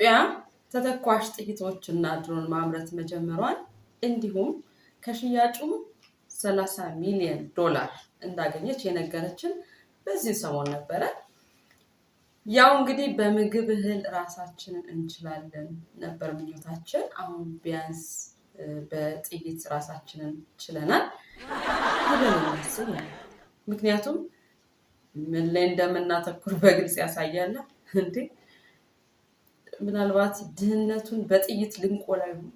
ኢትዮጵያ ተተኳሽ እና ድሮን ማምረት መጀመሯን እንዲሁም ከሽያጩም 30 ሚሊዮን ዶላር እንዳገኘች የነገረችን በዚህ ሰሞን ነበረ። ያው እንግዲህ በምግብ እህል ራሳችንን እንችላለን ነበር ምኞታችን። አሁን ቢያንስ በጥይት ራሳችንን ችለናል ምክንያቱም ምን ላይ እንደምናተኩር በግልጽ ያሳያለ እንዴ ምናልባት ድህነቱን በጥይት ልንቆላ ይሆን?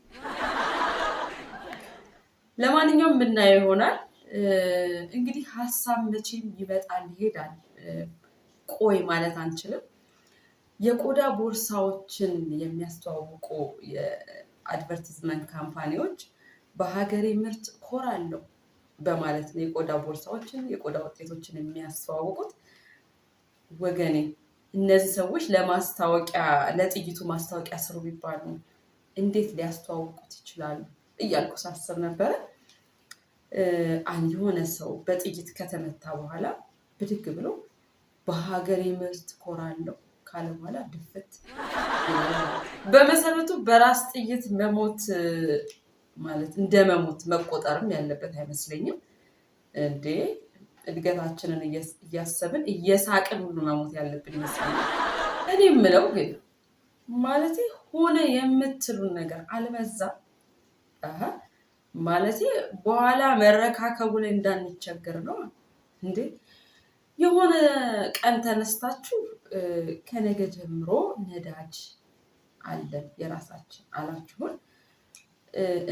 ለማንኛውም የምናየው ይሆናል። እንግዲህ ሀሳብ መቼም ይመጣል ይሄዳል፣ ቆይ ማለት አንችልም። የቆዳ ቦርሳዎችን የሚያስተዋውቁ የአድቨርቲዝመንት ካምፓኒዎች በሀገሬ ምርት ኮራለሁ በማለት ነው የቆዳ ቦርሳዎችን የቆዳ ውጤቶችን የሚያስተዋውቁት ወገኔ እነዚህ ሰዎች ለማስታወቂያ ለጥይቱ ማስታወቂያ ስሩ ቢባሉ እንዴት ሊያስተዋውቁት ይችላሉ እያልኩ ሳስብ ነበረ። የሆነ ሰው በጥይት ከተመታ በኋላ ብድግ ብሎ በሀገሬ ምርት ኮራለሁ ካለ በኋላ ድፍት። በመሰረቱ በራስ ጥይት መሞት ማለት እንደ መሞት መቆጠርም ያለበት አይመስለኝም እንዴ። እድገታችንን እያሰብን እየሳቅን ሁሉ መሞት ያለብን ይመስላል። እኔ የምለው ግን ማለት ሆነ የምትሉን ነገር አልበዛ ማለት በኋላ መረካከቡ ላይ እንዳንቸገር ነው እንዴ? የሆነ ቀን ተነስታችሁ ከነገ ጀምሮ ነዳጅ አለን የራሳችን አላችሁን።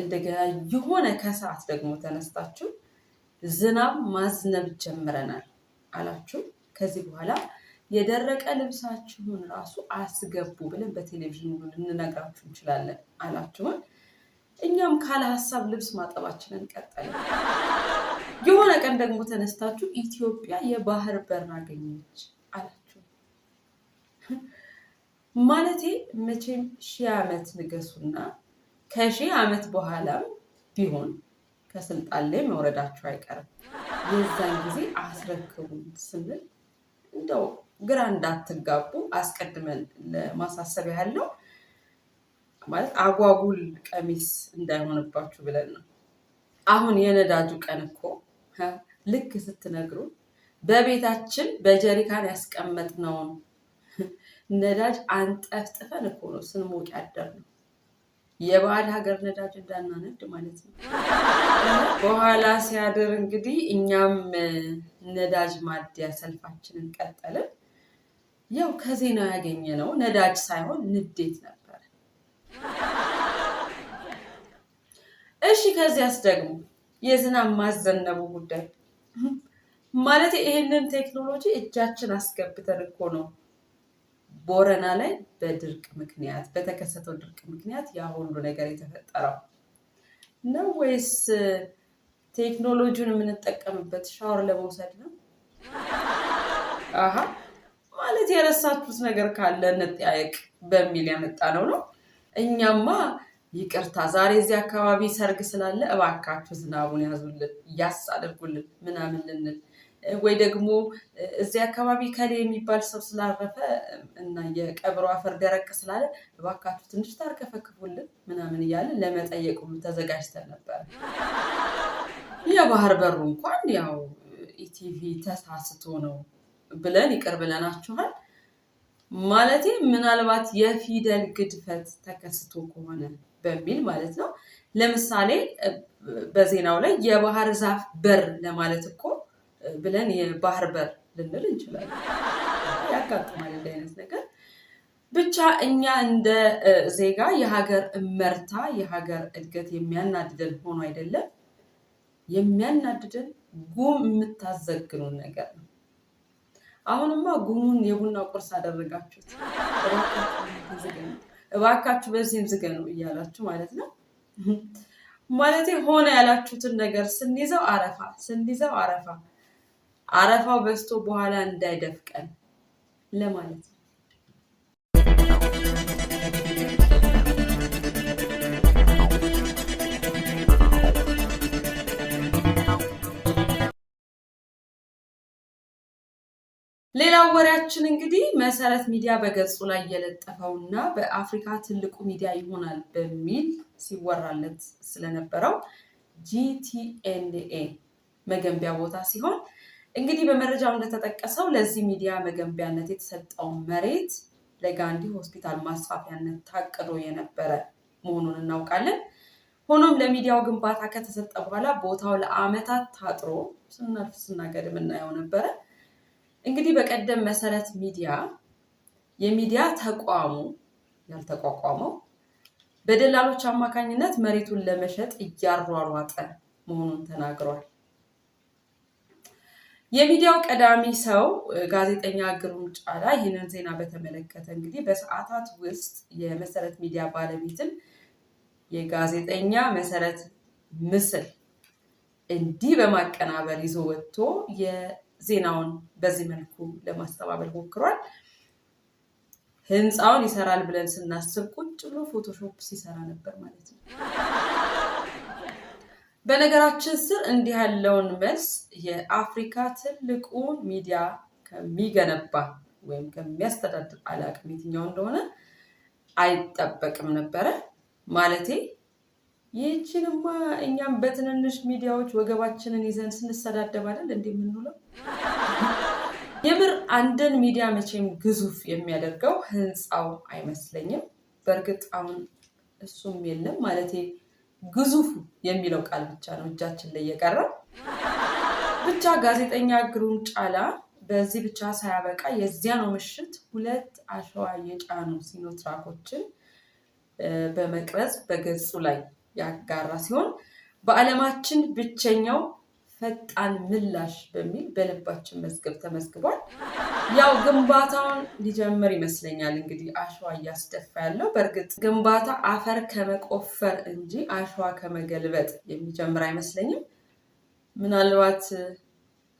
እንደገና የሆነ ከሰዓት ደግሞ ተነስታችሁ ዝናብ ማዝነብ ጀምረናል አላችሁ። ከዚህ በኋላ የደረቀ ልብሳችሁን ራሱ አስገቡ ብለን በቴሌቪዥን ልንነግራችሁ እንችላለን አላችሁን። እኛም ካለ ሀሳብ ልብስ ማጠባችንን ቀጠል። የሆነ ቀን ደግሞ ተነስታችሁ ኢትዮጵያ የባህር በር አገኘች አላችሁ። ማለቴ መቼም ሺህ ዓመት ንገሱና ከሺህ ዓመት በኋላም ቢሆን ከስልጣን ላይ መውረዳቸው አይቀርም። የዛን ጊዜ አስረክቡን ስንል እንደው ግራ እንዳትጋቡ አስቀድመን ለማሳሰብ ያለው ማለት አጓጉል ቀሚስ እንዳይሆንባችሁ ብለን ነው። አሁን የነዳጁ ቀን እኮ ልክ ስትነግሩ በቤታችን በጀሪካን ያስቀመጥነውን ነዳጅ አንጠፍጥፈን እኮ ነው ስንሞቅ ያደር ነው። የባዕድ ሀገር ነዳጅ እንዳናነድ ማለት ነው። በኋላ ሲያድር እንግዲህ እኛም ነዳጅ ማደያ ሰልፋችንን ቀጠልን። ያው ያገኘ ያገኘነው ነዳጅ ሳይሆን ንዴት ነበረ። እሺ፣ ከዚያስ ደግሞ የዝናብ ማዘነቡ ጉዳይ ማለት ይህንን ቴክኖሎጂ እጃችን አስገብተን እኮ ነው ቦረና ላይ በድርቅ ምክንያት በተከሰተው ድርቅ ምክንያት ያ ሁሉ ነገር የተፈጠረው ነው ወይስ ቴክኖሎጂውን የምንጠቀምበት ሻወር ለመውሰድ ነው? አሀ ማለት የረሳችሁት ነገር ካለ እንጠያየቅ በሚል ያመጣ ነው ነው። እኛማ ይቅርታ ዛሬ እዚህ አካባቢ ሰርግ ስላለ እባካችሁ ዝናቡን ያዙልን፣ ያስ አድርጉልን ምናምን ልንል ወይ ደግሞ እዚህ አካባቢ ከሌ የሚባል ሰው ስላረፈ እና የቀብሮ አፈር ደረቅ ስላለ እባካችሁ ትንሽ ታርከፈክፉልን ምናምን እያለ ለመጠየቅ ተዘጋጅተን ነበር። የባህር በሩ እንኳን ያው ኢቲቪ ተሳስቶ ነው ብለን ይቅር ብለናችኋል። ማለቴ ምናልባት የፊደል ግድፈት ተከስቶ ከሆነ በሚል ማለት ነው። ለምሳሌ በዜናው ላይ የባህር ዛፍ በር ለማለት እኮ ብለን የባህር በር ልንል እንችላለን። ያጋጥማል እንደ አይነት ነገር ብቻ እኛ እንደ ዜጋ የሀገር እመርታ የሀገር እድገት የሚያናድደን ሆኖ አይደለም። የሚያናድደን ጉም የምታዘግኑን ነገር ነው። አሁንማ ጉሙን የቡና ቁርስ አደረጋችሁት። እባካችሁ በዚህም ዝገኑ እያላችሁ ማለት ነው። ማለቴ ሆነ ያላችሁትን ነገር ስንይዘው አረፋ ስንይዘው አረፋ አረፋው በዝቶ በኋላ እንዳይደፍቀን ለማለት ነው። ሌላው ወሬያችን እንግዲህ መሰረት ሚዲያ በገጹ ላይ የለጠፈው እና በአፍሪካ ትልቁ ሚዲያ ይሆናል በሚል ሲወራለት ስለነበረው ጂቲኤንኤ መገንቢያ ቦታ ሲሆን እንግዲህ በመረጃው እንደተጠቀሰው ለዚህ ሚዲያ መገንቢያነት የተሰጠውን መሬት ለጋንዲ ሆስፒታል ማስፋፊያነት ታቅዶ የነበረ መሆኑን እናውቃለን። ሆኖም ለሚዲያው ግንባታ ከተሰጠ በኋላ ቦታው ለአመታት ታጥሮ ስናልፍ ስናገድም እናየው ነበረ። እንግዲህ በቀደም መሰረት ሚዲያ የሚዲያ ተቋሙ ያልተቋቋመው በደላሎች አማካኝነት መሬቱን ለመሸጥ እያሯሯጠ መሆኑን ተናግሯል። የሚዲያው ቀዳሚ ሰው ጋዜጠኛ ግሩም ጫላ ይህንን ዜና በተመለከተ እንግዲህ በሰዓታት ውስጥ የመሰረት ሚዲያ ባለቤትን የጋዜጠኛ መሰረት ምስል እንዲህ በማቀናበር ይዞ ወጥቶ የዜናውን በዚህ መልኩ ለማስተባበል ሞክሯል። ህንፃውን ይሰራል ብለን ስናስብ ቁጭ ብሎ ፎቶሾፕ ሲሰራ ነበር ማለት ነው። በነገራችን ስር እንዲህ ያለውን መልስ የአፍሪካ ትልቁ ሚዲያ ከሚገነባ ወይም ከሚያስተዳድር አላቅም የትኛው እንደሆነ አይጠበቅም ነበረ። ማለቴ ይህችንማ እኛም በትንንሽ ሚዲያዎች ወገባችንን ይዘን ስንሰዳደባለን አይደል የምንውለው። የምር አንድን ሚዲያ መቼም ግዙፍ የሚያደርገው ህንፃው አይመስለኝም። በእርግጥ አሁን እሱም የለም ማለቴ ግዙፍ የሚለው ቃል ብቻ ነው እጃችን ላይ የቀረ። ብቻ ጋዜጠኛ ግሩም ጫላ በዚህ ብቻ ሳያበቃ ነው ምሽት ሁለት አሸዋ የጫኑ ሲኖትራኮችን በመቅረጽ በገጹ ላይ ያጋራ ሲሆን በዓለማችን ብቸኛው ፈጣን ምላሽ በሚል በልባችን መዝገብ ተመዝግቧል። ያው ግንባታውን ሊጀምር ይመስለኛል እንግዲህ አሸዋ እያስደፋ ያለው። በእርግጥ ግንባታ አፈር ከመቆፈር እንጂ አሸዋ ከመገልበጥ የሚጀምር አይመስለኝም። ምናልባት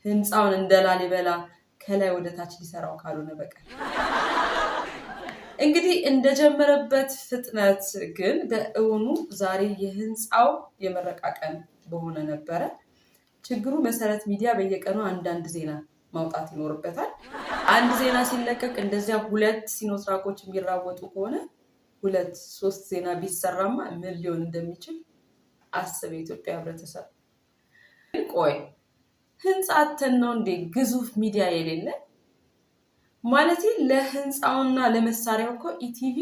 ህንፃውን እንደ ላሊበላ ከላይ ወደ ታች ሊሰራው ካልሆነ በቀር እንግዲህ እንደጀመረበት ፍጥነት ግን በእውኑ ዛሬ የህንፃው የመረቃቀን ቀን በሆነ ነበረ። ችግሩ መሰረት ሚዲያ በየቀኑ አንዳንድ ዜና ማውጣት ይኖርበታል። አንድ ዜና ሲለቀቅ እንደዚያ ሁለት ሲኖትራኮች የሚራወጡ ከሆነ ሁለት ሶስት ዜና ቢሰራማ ምን ሊሆን እንደሚችል አስብ። የኢትዮጵያ ህብረተሰብ ቆይ ህንፃ ነው እንዴ ግዙፍ ሚዲያ የሌለ ማለት ለህንፃውና ለመሳሪያው እኮ ኢቲቪ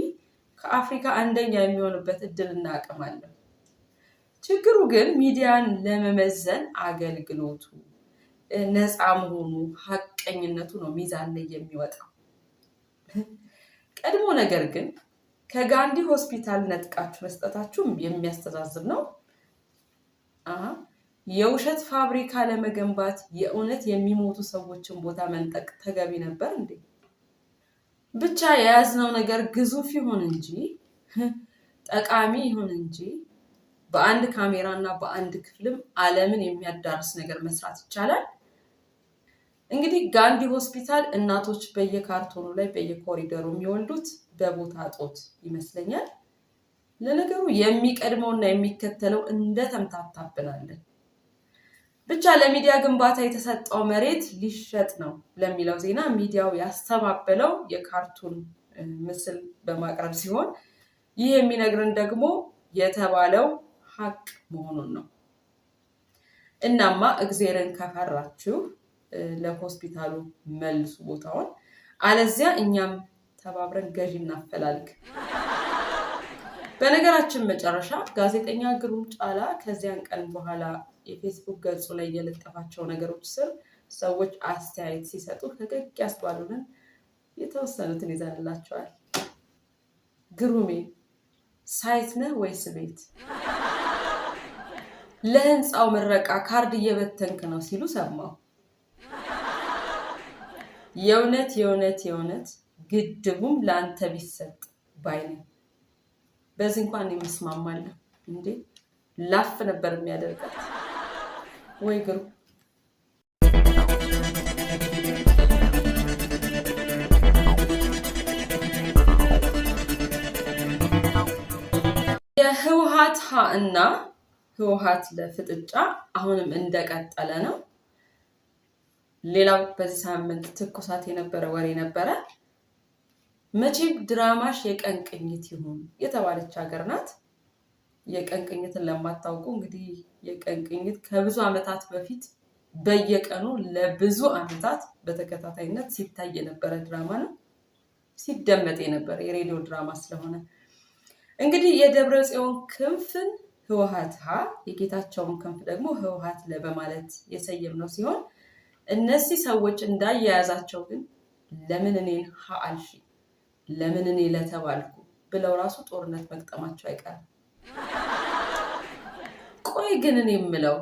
ከአፍሪካ አንደኛ የሚሆንበት እድልና አቅም ችግሩ ግን ሚዲያን ለመመዘን አገልግሎቱ ነፃ መሆኑ ሀቀኝነቱ ነው ሚዛን ላይ የሚወጣው። ቀድሞ ነገር ግን ከጋንዲ ሆስፒታል ነጥቃችሁ መስጠታችሁም የሚያስተዛዝብ ነው። የውሸት ፋብሪካ ለመገንባት የእውነት የሚሞቱ ሰዎችን ቦታ መንጠቅ ተገቢ ነበር እንዴ? ብቻ የያዝነው ነገር ግዙፍ ይሁን እንጂ ጠቃሚ ይሁን እንጂ በአንድ ካሜራ እና በአንድ ክፍልም ዓለምን የሚያዳርስ ነገር መስራት ይቻላል። እንግዲህ ጋንዲ ሆስፒታል እናቶች በየካርቶኑ ላይ በየኮሪደሩ የሚወልዱት በቦታ እጦት ይመስለኛል። ለነገሩ የሚቀድመውና የሚከተለው እንደ ተምታታብናለን። ብቻ ለሚዲያ ግንባታ የተሰጠው መሬት ሊሸጥ ነው ለሚለው ዜና ሚዲያው ያስተባበለው የካርቱን ምስል በማቅረብ ሲሆን ይህ የሚነግርን ደግሞ የተባለው ሀቅ መሆኑን ነው። እናማ እግዜርን ከፈራችሁ ለሆስፒታሉ መልሱ ቦታውን፣ አለዚያ እኛም ተባብረን ገዢ እናፈላልግ። በነገራችን መጨረሻ ጋዜጠኛ ግሩም ጫላ ከዚያን ቀን በኋላ የፌስቡክ ገጹ ላይ የለጠፋቸው ነገሮች ስር ሰዎች አስተያየት ሲሰጡ ፈገግ ያስባሉንን የተወሰኑትን ይዘንላቸዋል። ግሩሜ ሳይት ነህ ወይስ ቤት? ለህንፃው ምረቃ ካርድ እየበተንክ ነው ሲሉ ሰማሁ። የእውነት የእውነት የእውነት ግድቡም ለአንተ ቢሰጥ ባይ በዚህ እንኳን የምስማማለሁ። እንዴ ላፍ ነበር የሚያደርጋት ወይ ግሩ የህወሓት ሀ እና ህወሀት ለፍጥጫ አሁንም እንደቀጠለ ነው። ሌላው በዚህ ሳምንት ትኩሳት የነበረ ወሬ ነበረ። መቼም ድራማሽ የቀን ቅኝት ይሁን የተባለች ሀገር ናት። የቀን ቅኝትን ለማታውቁ እንግዲህ የቀን ቅኝት ከብዙ ዓመታት በፊት በየቀኑ ለብዙ ዓመታት በተከታታይነት ሲታይ የነበረ ድራማ ነው። ሲደመጥ የነበረ የሬዲዮ ድራማ ስለሆነ እንግዲህ የደብረ ጽዮን ክንፍን ህወሀት ሀ የጌታቸውን ክንፍ ደግሞ ህወሀት ለ በማለት የሰየም ነው ሲሆን እነዚህ ሰዎች እንዳያያዛቸው ግን ለምን እኔን ሀ አልሺ ለምን እኔ ለተባልኩ ብለው ራሱ ጦርነት መግጠማቸው አይቀርም። ቆይ ግን እኔ የምለው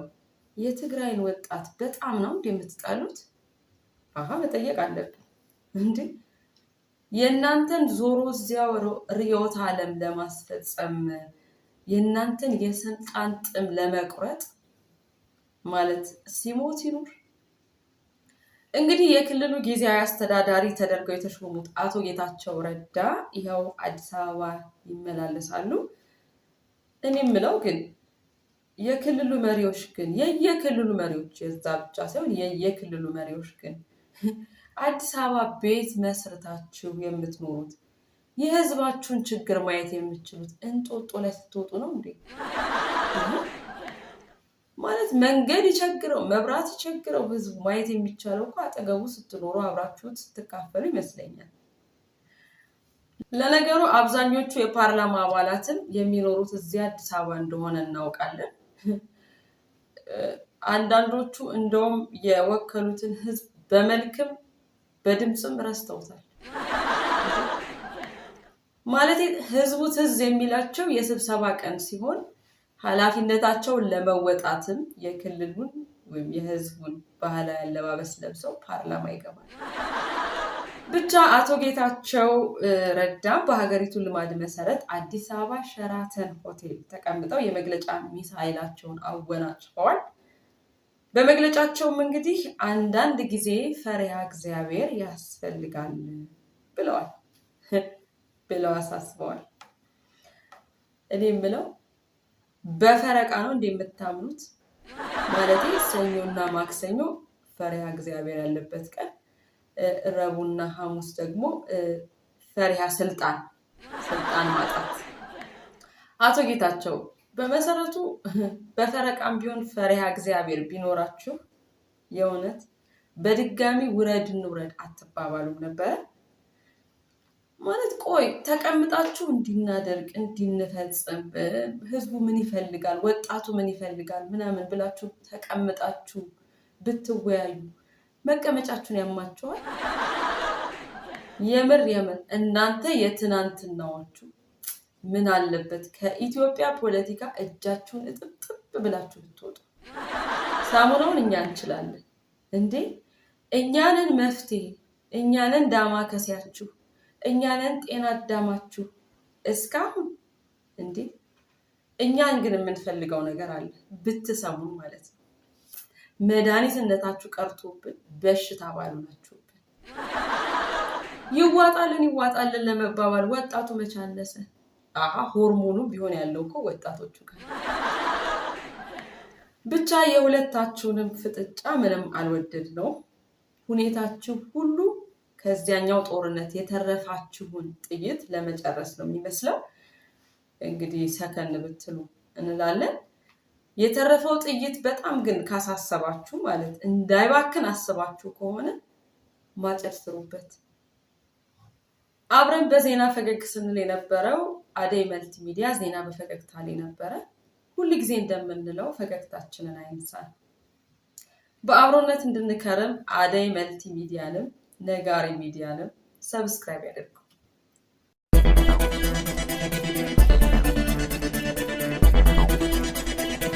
የትግራይን ወጣት በጣም ነው እንዲ የምትጣሉት? አሀ መጠየቅ አለብን እንዴ የእናንተን ዞሮ እዚያው ርዕዮተ ዓለም ለማስፈጸም የእናንተን የስልጣን ጥም ለመቁረጥ ማለት ሲሞት ይኑር። እንግዲህ የክልሉ ጊዜያዊ አስተዳዳሪ ተደርገው የተሾሙት አቶ ጌታቸው ረዳ ይኸው አዲስ አበባ ይመላለሳሉ። እኔም ምለው ግን የክልሉ መሪዎች ግን የየክልሉ መሪዎች የዛ ብቻ ሳይሆን የየክልሉ መሪዎች ግን አዲስ አበባ ቤት መስርታችሁ የምትኖሩት የህዝባችሁን ችግር ማየት የምችሉት እንጦጦ ላይ ስትወጡ ነው እንዴ? ማለት መንገድ ይቸግረው መብራት ይቸግረው ህዝቡ ማየት የሚቻለው እኮ አጠገቡ ስትኖሩ አብራችሁት ስትካፈሉ ይመስለኛል። ለነገሩ አብዛኞቹ የፓርላማ አባላትም የሚኖሩት እዚህ አዲስ አበባ እንደሆነ እናውቃለን። አንዳንዶቹ እንደውም የወከሉትን ህዝብ በመልክም በድምፅም ረስተውታል። ማለት ህዝቡ ትዝ የሚላቸው የስብሰባ ቀን ሲሆን ኃላፊነታቸውን ለመወጣትም የክልሉን ወይም የህዝቡን ባህላዊ አለባበስ ለብሰው ፓርላማ ይገባል። ብቻ አቶ ጌታቸው ረዳ በሀገሪቱ ልማድ መሰረት አዲስ አበባ ሸራተን ሆቴል ተቀምጠው የመግለጫ ሚሳይላቸውን አወናጭፈዋል። በመግለጫቸውም እንግዲህ አንዳንድ ጊዜ ፈሪሃ እግዚአብሔር ያስፈልጋል ብለዋል። ብለው አሳስበዋል። እኔ የምለው በፈረቃ ነው እንዴ የምታምኑት ማለት ሰኞና ማክሰኞ ፈሪሃ እግዚአብሔር ያለበት ቀን፣ ረቡና ሐሙስ ደግሞ ፈሪሃ ስልጣን ስልጣን ማጣት። አቶ ጌታቸው በመሰረቱ በፈረቃም ቢሆን ፈሪሃ እግዚአብሔር ቢኖራችሁ የእውነት በድጋሚ ውረድ እንውረድ አትባባሉም ነበረ? ማለት ቆይ ተቀምጣችሁ እንዲናደርግ እንዲንፈጽም ህዝቡ ምን ይፈልጋል፣ ወጣቱ ምን ይፈልጋል ምናምን ብላችሁ ተቀምጣችሁ ብትወያዩ መቀመጫችሁን ያማችኋል። የምር የምር እናንተ የትናንትናዎቹ ምን አለበት ከኢትዮጵያ ፖለቲካ እጃችሁን እጥብጥብ ብላችሁ ብትወጡ። ሳሙናውን እኛ እንችላለን እንዴ! እኛንን መፍትሄ እኛንን ዳማ ከሲያችሁ እኛንን ጤና አዳማችሁ እስካሁን እንዴ! እኛን ግን የምንፈልገው ነገር አለ ብትሰሙ ማለት ነው። መድኃኒትነታችሁ ቀርቶብን በሽታ ባሉናችሁብን። ይዋጣልን ይዋጣልን ለመባባል ወጣቱ መቻነሰ ሆርሞኑ ቢሆን ያለው እኮ ወጣቶቹ ጋር ብቻ የሁለታችሁንም ፍጥጫ ምንም አልወደድ ነው። ሁኔታችሁ ሁሉ ከዚያኛው ጦርነት የተረፋችሁን ጥይት ለመጨረስ ነው የሚመስለው። እንግዲህ ሰከን ብትሉ እንላለን። የተረፈው ጥይት በጣም ግን ካሳሰባችሁ ማለት እንዳይባክን አስባችሁ ከሆነ ማጨድ ስሩበት። አብረን በዜና ፈገግ ስንል የነበረው አደይ መልቲ ሚዲያ ዜና በፈገግታ ላይ ነበረ። ሁል ጊዜ እንደምንለው ፈገግታችንን አይንሳል። በአብሮነት እንድንከርም አደይ መልቲ ሚዲያንም ነጋሪ ሚዲያንም ሰብስክራይብ ያደርጉ።